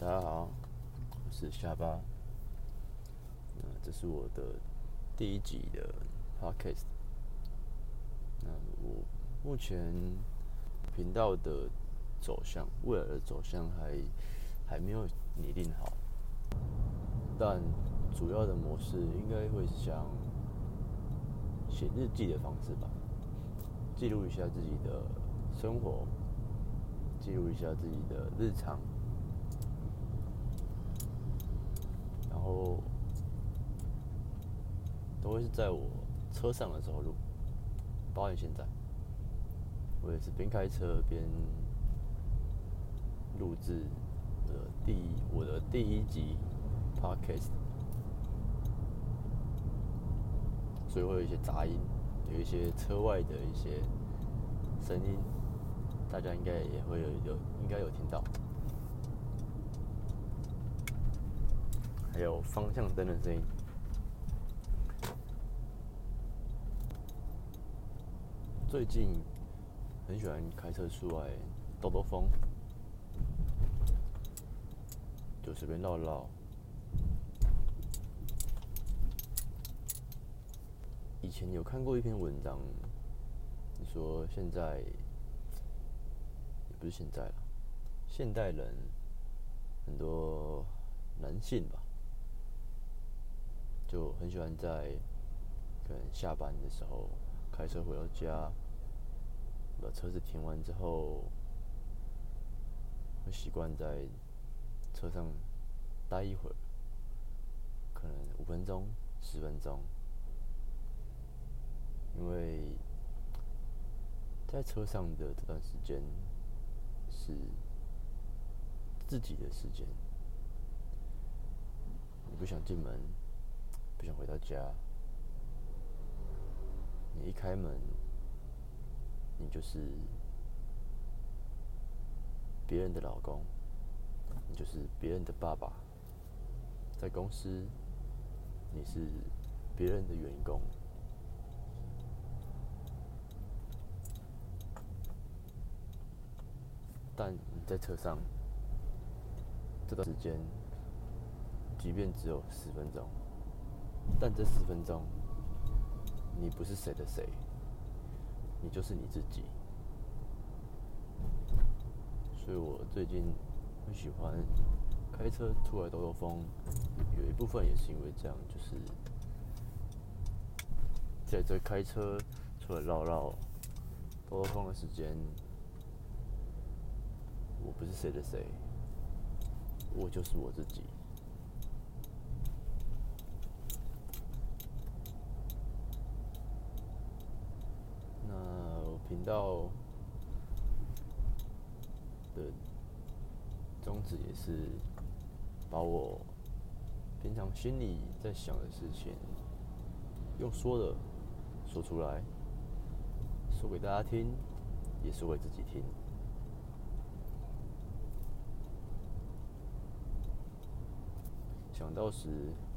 大家好，我是下巴。那這是我的第一集的 podcast。那我目前頻道的走向，未來的走向還還沒有擬定好。但主要的模式應該會是像寫日記的方式吧，記錄一下自己的生活，記錄一下自己的日常。然後都會是在我車上的時候錄，包括現在，我也是邊開車邊錄製我的第一我的第一集 Podcast，所以會有一些雜音，有一些車外的一些聲音，大家應該也會有有應該有聽到。還有方向燈的聲音。最近很喜歡開車出來兜兜風，就隨便繞繞。以前有看過一篇文章，你說現在也不是現在了，現代人很多男性吧。就很喜歡在可能下班的時候開車回到家，把車子停完之後，會習慣在車上待一會兒，可能五分鐘、十分鐘，因為在車上的這段時間是自己的時間，我不想進門。不想回到家。你一開門，你就是別人的老公，你就是別人的爸爸。在公司，你是別人的員工，但你在車上這段時間，即便只有十分鐘。但這十分鐘，你不是誰的誰，你就是你自己。所以我最近很喜歡開車出來兜兜風，有一部分也是因為這樣，就是在這開車出來繞繞、兜兜風的時間，我不是誰的誰，我就是我自己。頻道的宗旨也是把我平常心裡在想的事情，用說的說出來，說給大家聽，也說給自己聽。想到時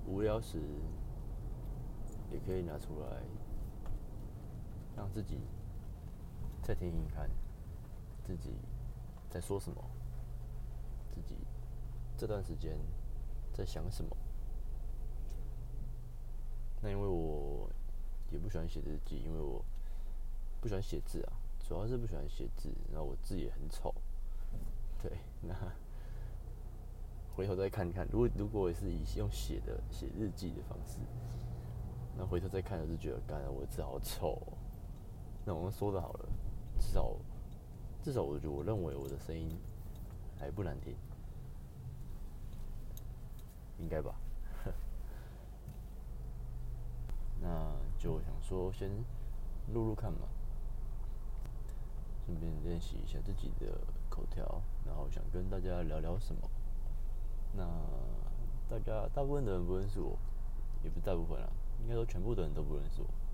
無聊時，也可以拿出來，讓自己。再聽聽看，自己在說什麼，自己這段時間在想什麼？那因為我也不喜歡寫日記，因為我不喜歡寫字啊，主要是不喜歡寫字，然後我字也很醜。對，那回頭再看看，如果，如果我是以用寫的寫日記的方式，那回頭再看，就覺得，幹，我字好醜喔。那我們說的好了。至少，至少，我我認為我的聲音還不難聽，應該吧？ 那就想說先錄錄看嘛，順便練習一下自己的口條，然後想跟大家聊聊什麼。那大家，大部分的人不認識我，也不是大部分啦，應該說全部的人都不認識我。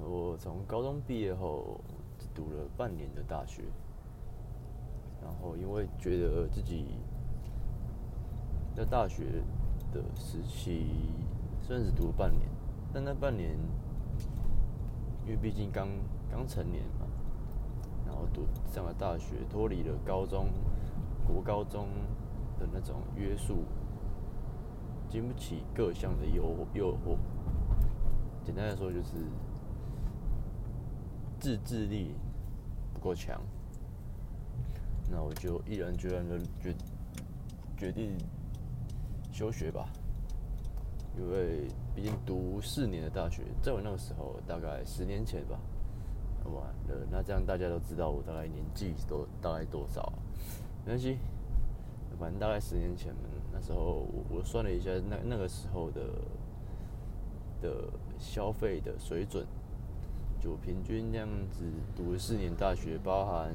我從高中畢業後，只讀了半年的大學，然後因為覺得自己在大學的時期，雖然只讀了半年，但那半年因為畢竟剛剛成年嘛，然後讀上了大學，脫離了高中、國高中的那種約束，經不起各項的誘誘惑。簡單來說，就是。自制力不夠強，那我就毅然決然的決決定休學吧，因為畢竟讀四年的大學，在我那個時候，大概十年前吧，完了，那這樣大家都知道我大概年紀多大概多少啊？沒關係，反正大概十年前嘛，那時候我我算了一下那，那那個時候的的消費的水準，就平均那樣子讀了四年大學，包含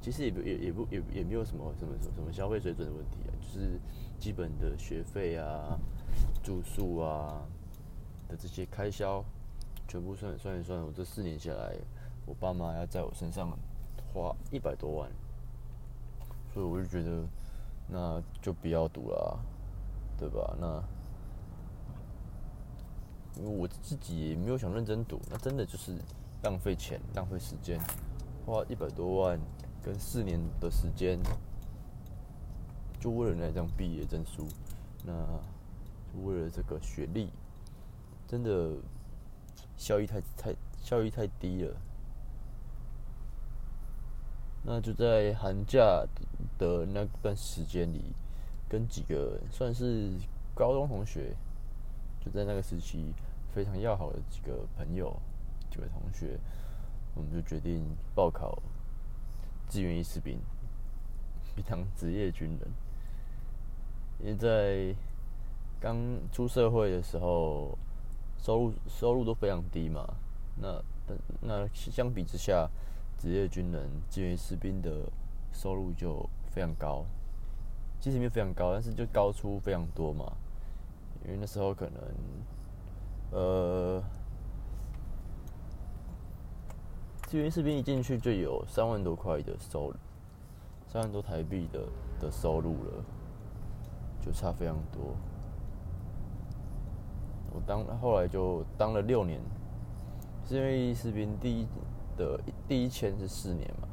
其實也也也不也也沒有什麼什麼什麼消費水準的問題啊，就是基本的學費啊、住宿啊的這些開銷，全部算算一算，我這四年下來，我爸媽要在我身上花一百多萬，所以我就覺得那就不要讀了，對吧？那。因為我自己也沒有想認真讀，那真的就是浪費錢、浪費時間，花一百多萬跟四年的時間，就為了那張畢業證書，那就為了這個學歷，真的效益太太效益太低了。那就在寒假的那段時間裡，跟幾個算是高中同學，就在那個時期。非常要好的幾個朋友、幾位同學，我們就決定報考志願役士兵，比當職業軍人。因為在剛出社會的時候，收入收入都非常低嘛。那那相比之下，職業軍人志願士兵的收入就非常高，其實沒有非常高，但是就高出非常多嘛。因為那時候可能。呃，志願士兵一進去就有三萬多塊的收入，三萬多台幣的的收入了，就差非常多。我當後來就當了六年，志願士兵第一的,的第一簽是四年嘛，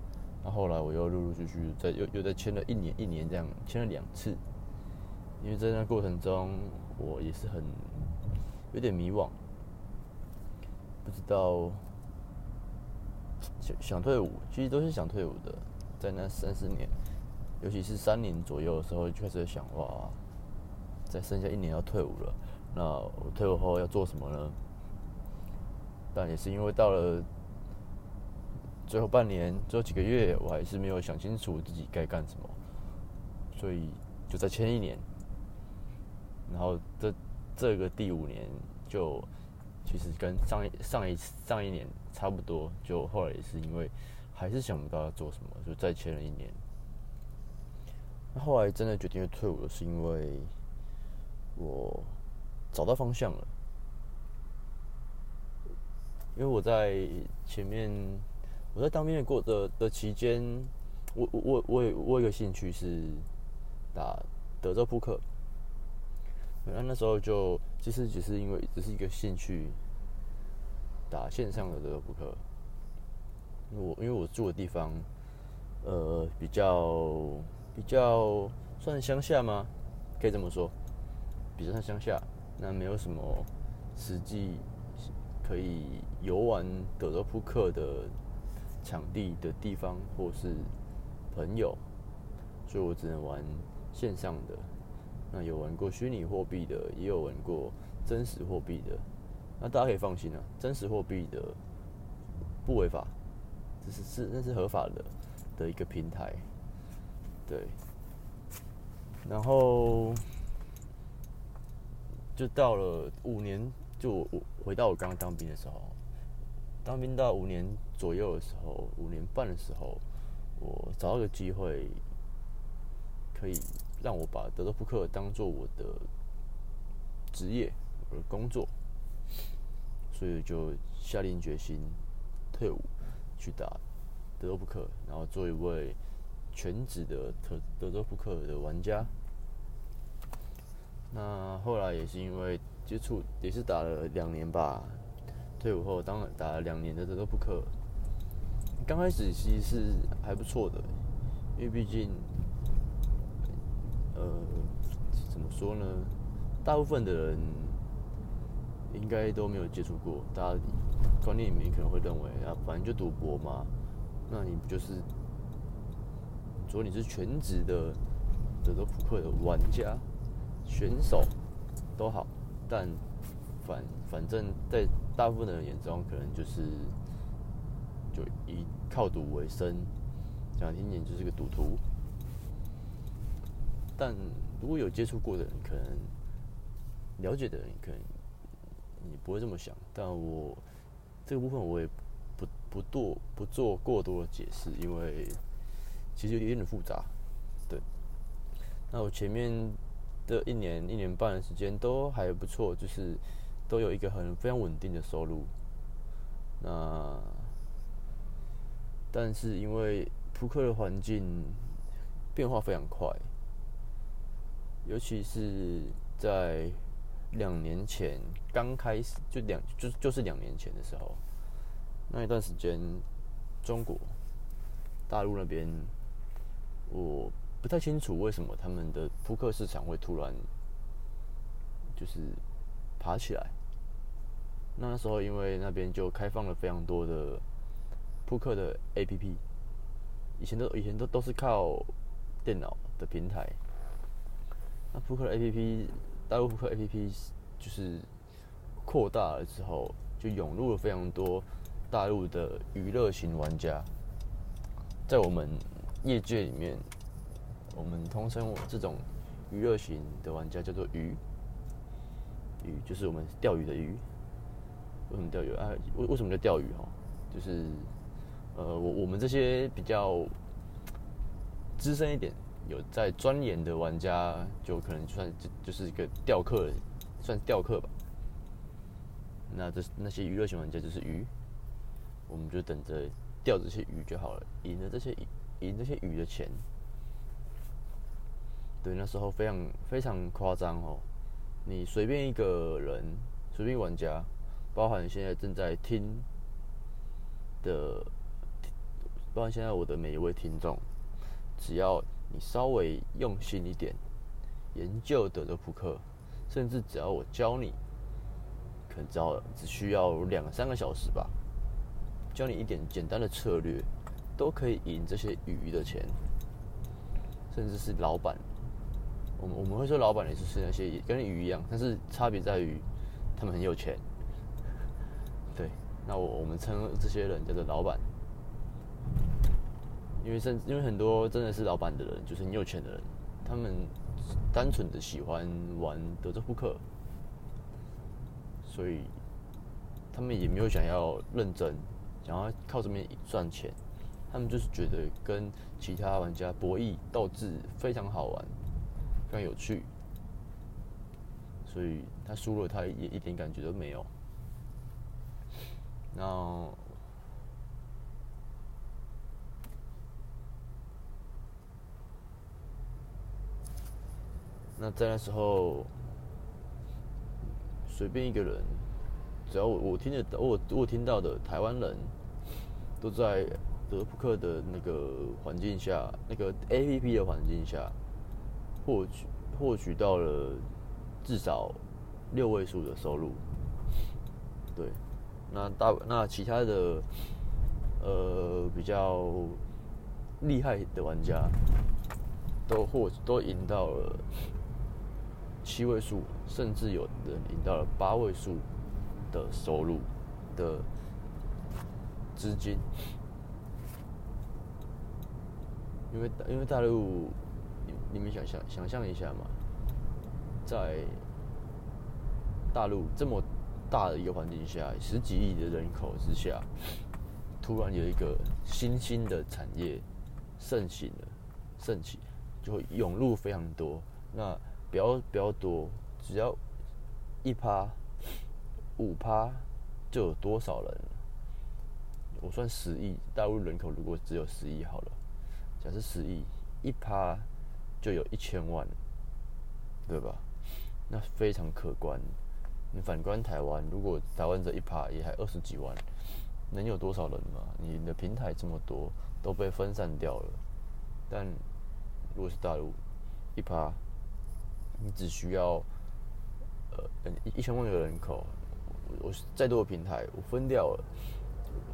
那後來我又陸陸續續在又又再簽了一年一年這樣簽了兩次，因為在那過程中我也是很。有點迷惘，不知道想想退伍，其實都是想退伍的。在那三四年，尤其是三年左右的時候，就開始想：哇，再剩下一年要退伍了，那我退伍後要做什麼呢？但也是因為到了最後半年、最後幾個月，我還是沒有想清楚自己該幹什麼，所以就再簽一年，然後這。這個第五年就其實跟上一上一上一年差不多，就後來也是因為還是想不到要做什麼，就再簽了一年。那後來真的決定要退伍的是因為，我找到方向了，因為我在前面我在當兵的過的的期間，我我我我有一個興趣是打德州撲克。那、啊、那時候就其實只是因為只是一個興趣，打線上的德州撲克。我因為我住的地方，呃，比較比較算鄉下嗎？可以這麼說，比較算鄉下。那沒有什麼實際可以遊玩德州撲克的場地的地方，或是朋友，所以我只能玩線上的。有玩過虛擬貨幣的，也有玩過真實貨幣的。那大家可以放心啊，真實貨幣的不違法，這是是那是合法的的一個平台。對，然後就到了五年，就我，我回到我剛剛當兵的時候，當兵到五年左右的時候，五年半的時候，我找到個機會可以。讓我把德州撲克當做我的職業，我的工作，所以就下定決心退伍去打德州撲克，然後做一位全職的德德州撲克的玩家。那後來也是因為接觸，也是打了兩年吧，退伍後當打了兩年的德州撲克，剛開始其實是還不錯的，因為畢竟。呃，怎麼說呢？大部分的人應該都沒有接觸過，大家觀念裡面可能會認為啊，反正就賭博嘛，那你不就是？如果你是全職的德州撲克的玩家、選手、嗯、都好，但反反正，在大部分的人眼中，可能就是就以靠賭為生，講難聽點就是個賭徒。但如果有接觸過的人，可能了解的人，可能你不會這麼想。但我這個部分我也不不做不做過多的解釋，因為其實有點複雜。對，那我前面的一年一年半的時間都還不錯，就是都有一個很非常穩定的收入。那但是因為撲克的環境變化非常快。尤其是在兩年前剛開始，就兩就就是兩年前的時候，那一段時間，中國大陸那邊我不太清楚為什麼他們的撲克市場會突然就是爬起來。那時候因為那邊就開放了非常多的撲克的 APP，以前都以前都都是靠電腦的平台。那撲克 A P P，大陸撲克 A P P 就是擴大了之後，就湧入了非常多大陸的娛樂型玩家。在我們業界裡面，我們通稱這種娛樂型的玩家叫做「魚」。魚就是我們釣魚的魚。為什麼釣魚？啊，為為什麼叫釣魚？哈，就是呃，我我們這些比較資深一點。有在鑽研的玩家，就可能算就就是一個釣客，算釣客吧。那這那些娛樂型玩家就是魚，我們就等着釣這些魚就好了，贏了這些贏這些魚的錢。對，那時候非常非常誇張哦！你隨便一個人，隨便玩家，包含現在正在聽的聽，包含現在我的每一位聽眾，只要。你稍微用心一點研究德州撲克，甚至只要我教你，可能只要只需要兩三個小時吧，教你一點簡單的策略，都可以贏這些魚的錢，甚至是老闆。我們我們會說老闆，也就是那些也跟魚一樣，但是差別在於他們很有錢。對，那我我們稱這些人叫做老闆。因為甚，因為很多真的是老板的人，就是很有錢的人，他們單純的喜歡玩德州撲克，所以他們也沒有想要認真，想要靠這邊賺錢，他們就是覺得跟其他玩家博弈鬥智非常好玩，非常有趣，所以他輸了他也一點感覺都沒有，那。那在那時候，隨便一個人，只要我我聽的，我我聽到的台灣人，都在德撲克的那個環境下，那個 APP 的環境下，獲取獲取到了至少六位數的收入。對，那大那其他的，呃，比較厲害的玩家，都獲都贏到了。七位數，甚至有人領到了八位數的收入的資金，因為因為大陸，你你們想象想象一下嘛，在大陸這麼大的一個環境下，十幾億的人口之下，突然有一個新興的產業盛行了，盛行就會湧入非常多那。比較比較多，只要一趴五趴就有多少人？我算十億大陸人口，如果只有十億好了，假設十億一趴就有一千萬，對吧？那非常可觀。你反觀台灣，如果台灣這一趴也還二十幾萬，能有多少人嘛？你的平台這麼多都被分散掉了，但如果是大陸一趴。1你只需要，呃一，一千萬個人口，我，我再多的平台，我分掉了。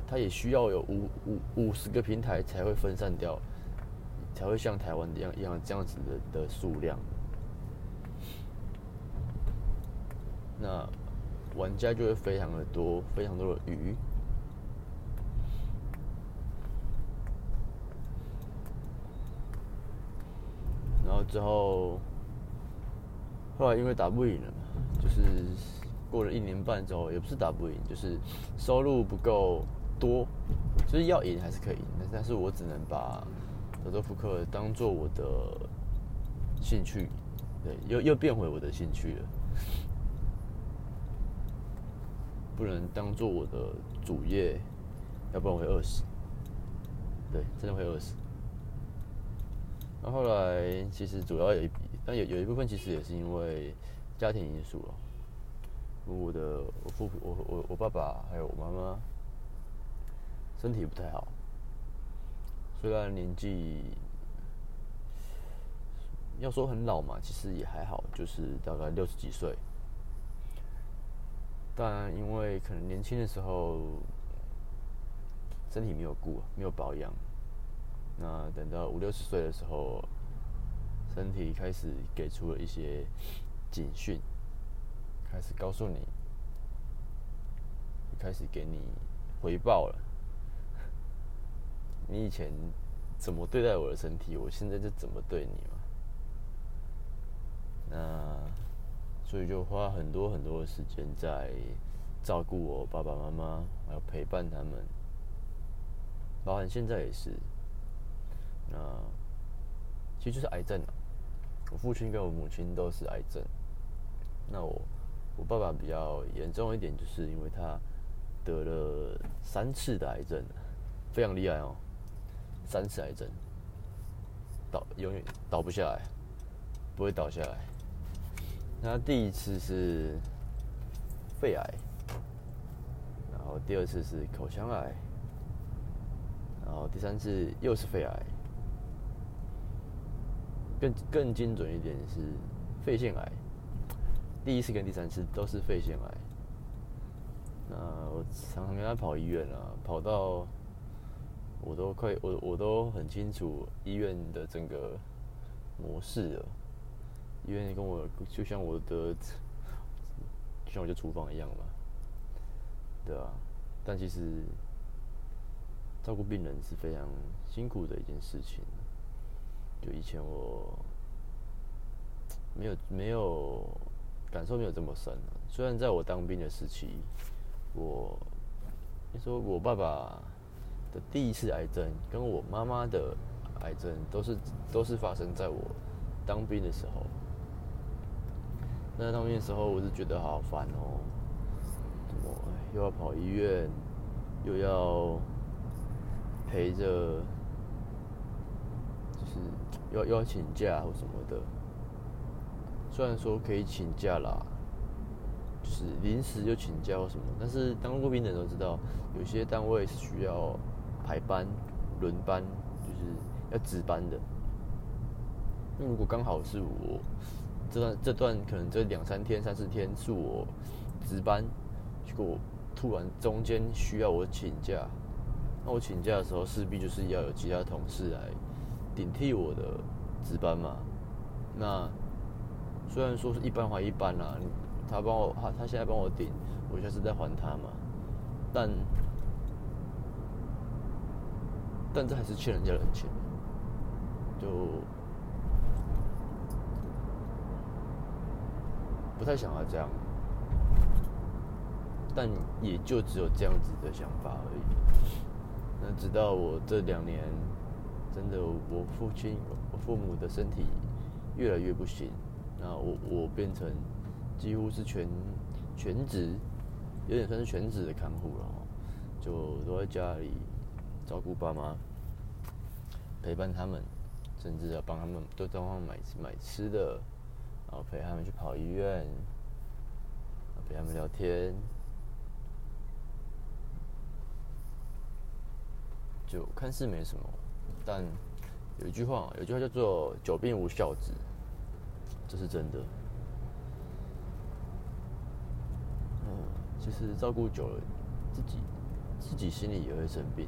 它也需要有五五五十個平台才會分散掉，才會像台灣一樣一樣這樣子的的數量，那玩家就會非常的多，非常多的魚，然後之後。後來因為打不贏了嘛，就是過了一年半之後，也不是打不贏，就是收入不夠多，就是要贏還是可以贏，但是我只能把德州撲克當做我的興趣，對，又又變回我的興趣了，不能當做我的主業，要不然我會餓死，對，真的會餓死。那後，後來其實主要有一筆。但有，有一部分其實也是因為家庭因素哦，我的我父母我我我爸爸還有我媽媽身體不太好，雖然年紀要說很老嘛，其實也還好，就是大概六十幾歲，但因為可能年輕的時候身體沒有顧沒有保養，那等到五六十歲的時候。身體開始給出了一些警訊，開始告訴你，開始給你回報了。你以前怎麼對待我的身體，我現在就怎麼對你嘛。那所以就花很多很多的時間在照顧我爸爸媽媽，還有陪伴他們，包含現在也是。那其實就是癌症啊。我父親跟我母親都是癌症，那我我爸爸比較嚴重一點，就是因為他得了三次的癌症，非常厲害哦，三次癌症倒，永遠倒不下來，不會倒下來。那第一次是肺癌，然後第二次是口腔癌，然後第三次又是肺癌。更更精準一點是肺腺癌，第一次跟第三次都是肺腺癌。那我常常跟他跑醫院啊，跑到我都快我我都很清楚醫院的整個模式了。醫院跟我就像我的，就像我的廚房一樣嘛，對啊。但其實照顧病人是非常辛苦的一件事情。就以前我沒有沒有感受沒有這麼深了、啊。雖然在我當兵的時期，我那時候我爸爸的第一次癌症跟我媽媽的癌症都是都是發生在我當兵的時候。那當兵的時候，我就覺得好煩哦，怎麼又要跑醫院，又要陪着，就是。要要請假或什麼的，雖然說可以請假啦，就是臨時就請假或什麼，但是當過兵的都知道，有些單位是需要排班、輪班，就是要值班的。那如果剛好是我這段這段可能這兩三天、三四天是我值班，結果突然中間需要我請假，那我請假的時候勢必就是要有其他同事來。頂替我的值班嘛？那雖然說是一班還一班啦、啊，他幫我，他他現在幫我頂，我現在是在還他嘛？但，但這還是欠人家的人情，就不太想要這樣，但也就只有這樣子的想法而已。那直到我這兩年。真的，我父親、我父母的身體越來越不行，那我我變成幾乎是全全職，有點算是全職的看護了喔，就都在家裡照顧爸媽，陪伴他們，甚至要幫他們都在外面買買吃的，然後陪他們去跑醫院，陪他們聊天，就看似沒什麼。但有一句話，有一句話叫做“久病無孝子”，這是真的。嗯，其實照顧久了，自己自己心裡也會生病，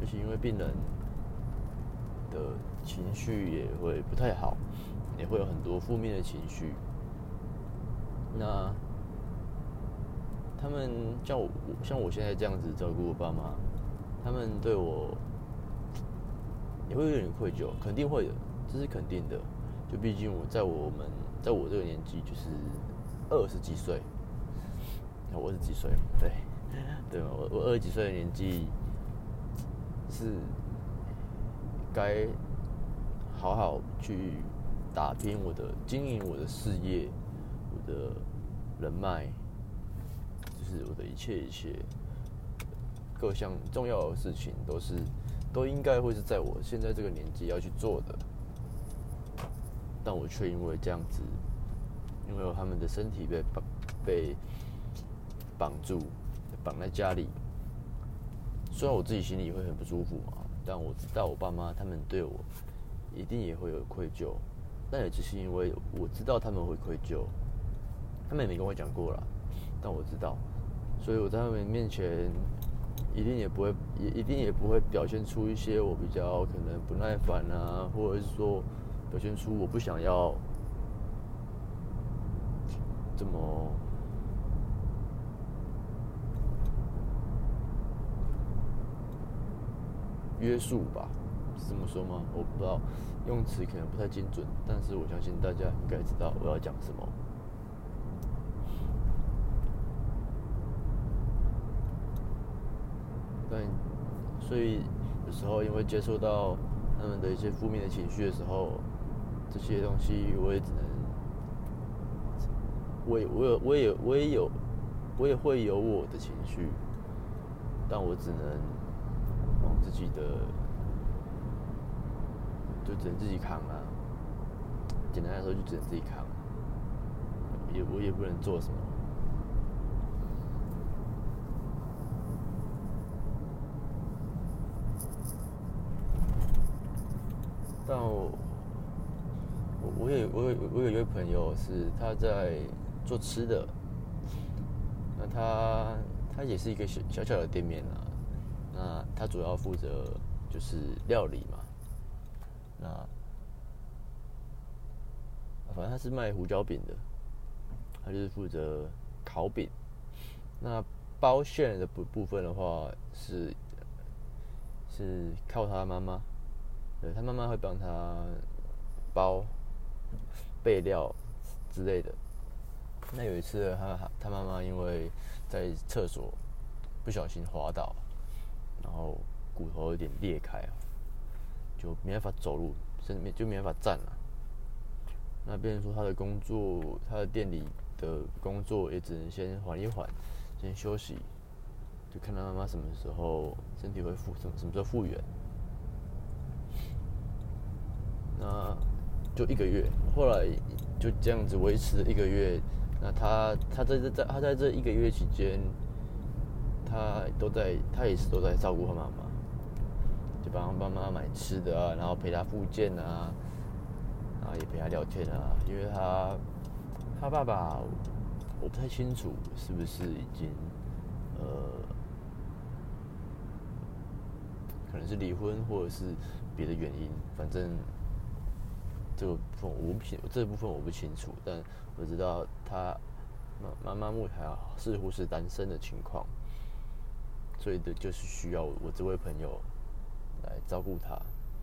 而且因為病人的情緒也會不太好，也會有很多負面的情緒。那他們叫我，我像我現在這樣子照顧我爸媽，他們對我。也會有點愧疚，肯定會的，這是肯定的。就畢竟我在我們在我這個年紀，就是二十幾歲，我二十幾歲，對，對，我我二十幾歲的年紀是該好好去打拼我的、經營我的事業、我的人脈，就是我的一切一切各項重要的事情都是。都應該會是在我現在這個年紀要去做的，但我卻因為這樣子，因為他們的身體被綁、被綁住、綁在家裡。雖然我自己心裡也會很不舒服嘛，但我知道我爸媽他們對我一定也會有愧疚。但也只是因為我知道他們會愧疚，他們也沒跟我講過了，但我知道，所以我在他們面前。一定也不會，也一定也不會表現出一些我比較可能不耐煩啊，或者是說表現出我不想要這麼約束吧，是這麼說嗎？我不知道，用詞可能不太精準，但是我相信大家應該知道我要講什麼。所以有時候，因為接受到他們的一些負面的情緒的時候，這些東西我也只能，我也我也我也我也有，我也會有我的情緒，但我只能往自己的，就只能自己扛啊。簡單來說，就只能自己扛，我也我也不能做什麼。我有我有一位朋友是他在做吃的，那他他也是一個小小的店面啦，啊，那他主要負責就是料理嘛，那反正他是賣胡椒餅的，他就是負責烤餅，那包餡的部部分的話是是靠他媽媽，對，他媽媽會幫他包。備料之類的。那有一次他，他他媽媽因為在廁所不小心滑倒，然後骨頭有點裂開，就沒辦法走路，甚至就沒辦法站了。那變成說他的工作，他的店裡的工作也只能先緩一緩，先休息，就看他媽媽什麼時候身體會復，什麼什麼時候復原。那。就一個月，後來就這樣子維持了一個月。那他，他在這，在他在這一個月期間，他都在，他也是都在照顧他媽媽，就幫他媽媽買吃的啊，然後陪他復健啊，然後也陪他聊天啊。因為他，他爸爸，我不太清楚是不是已經，呃，可能是離婚，或者是別的原因，反正。這個部分我不清，這個、部分我不清楚，但我知道他媽媽目前似乎是單身的情況，所以的就是需要我，我這位朋友來照顧他，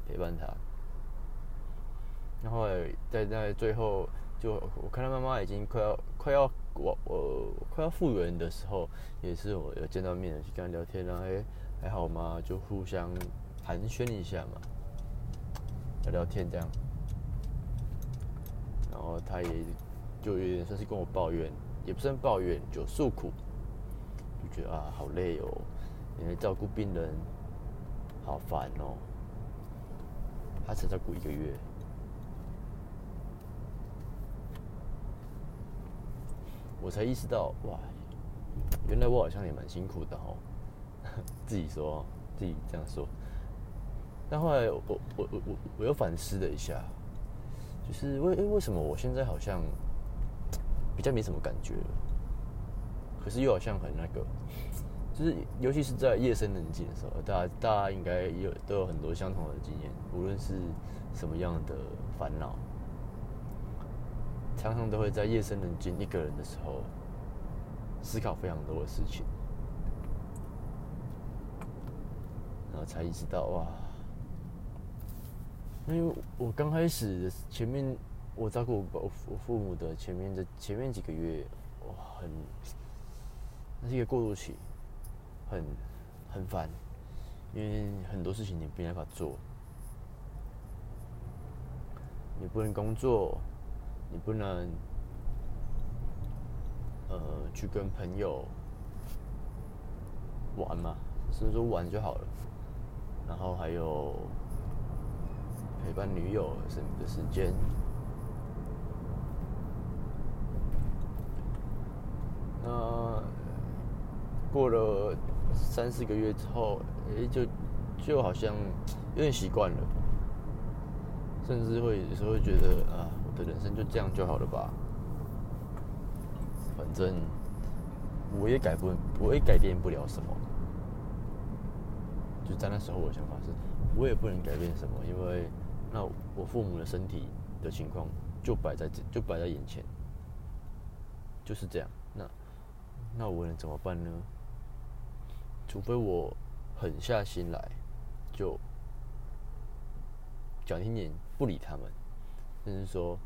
陪伴他。然後在在最後，就我看到媽媽已經快要快要我我，我快要復原的時候，也是我有見到面去跟他聊天，啊，然後哎還好嘛，就互相寒暄一下嘛，聊聊天這樣。然後他也就有點算是跟我抱怨，也不是抱怨，就訴苦，就覺得啊，好累哦，因為照顧病人好煩哦。他才照顧一個月，我才意識到哇，原來我好像也蠻辛苦的哦，自己說、哦、自己這樣說。但後來我我我我我又反思了一下。就是為為什麼我現在好像比較沒什麼感覺，可是又好像很那個，就是尤其是在夜深人靜的時候，大家大家應該有都有很多相同的經驗，無論是什麼樣的煩惱，常常都會在夜深人靜一個人的時候思考非常多的事情，然後才意識到哇。因為我剛開始的前面，我照顧我我父母的前面的前面幾個月，我很，那是一個過渡期，很很煩，因為很多事情你沒辦法做，你不能工作，你不能，呃，去跟朋友玩嘛，所以說玩就好了，然後還有。陪伴女友什麼的時間，那過了三四個月之後，誒、欸，就就好像有點習慣了，甚至會有時候覺得啊，我的人生就這樣就好了吧，反正我也改不，我也改變不了什麼。就在那時候，我的想法是，我也不能改變什麼，因為。那我父母的身體的情況就擺在這就擺在眼前，就是這樣。那那我能怎麼辦呢？除非我狠下心來，就講聽點、點不理他們，甚至說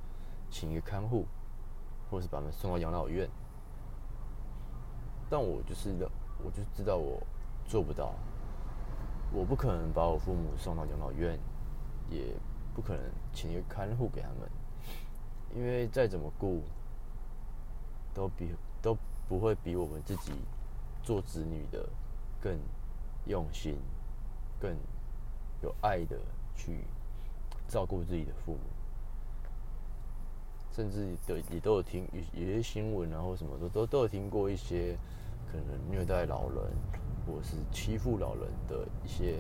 請一個看護，或者是把他們送到養老院。但我就是我就知道我做不到，我不可能把我父母送到養老院，也。不可能請一個看護給他們，因為再怎麼顧都比都不會比我們自己做子女的更用心、更有愛的去照顧自己的父母。甚至都也都有聽有有些新聞啊，或什麼都都，都有聽過一些可能虐待老人或者是欺負老人的一些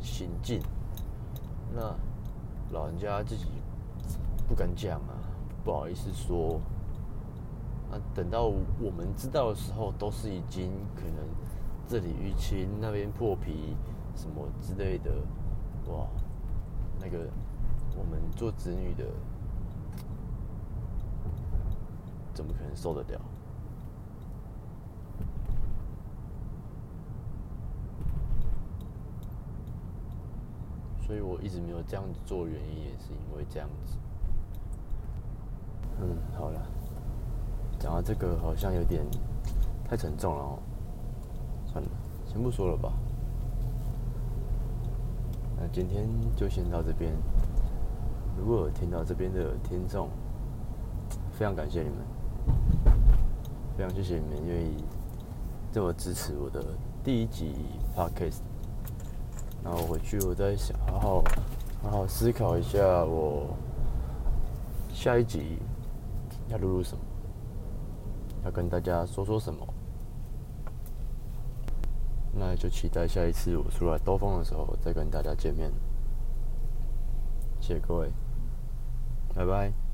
行徑。那。老人家自己不敢講啊，不好意思說。那、啊、等到我們知道的時候，都是已經可能這裡淤青、那邊破皮什麼之類的，哇，那個我們做子女的怎麼可能受得了？所以我一直沒有這樣子做，原因也是因為這樣子。嗯，好了，講到這個好像有點太沉重了哦、喔，算了，先不說了吧。那今天就先到這邊。如果有聽到這邊的聽眾，非常感謝你們，非常謝謝你們願意這麼支持我的第一集 Podcast。然後我回去，我再想，好好好好思考一下，我下一集要錄錄什麼，要跟大家說說什麼。那就期待下一次我出來兜風的時候再跟大家見面。謝謝各位，拜拜。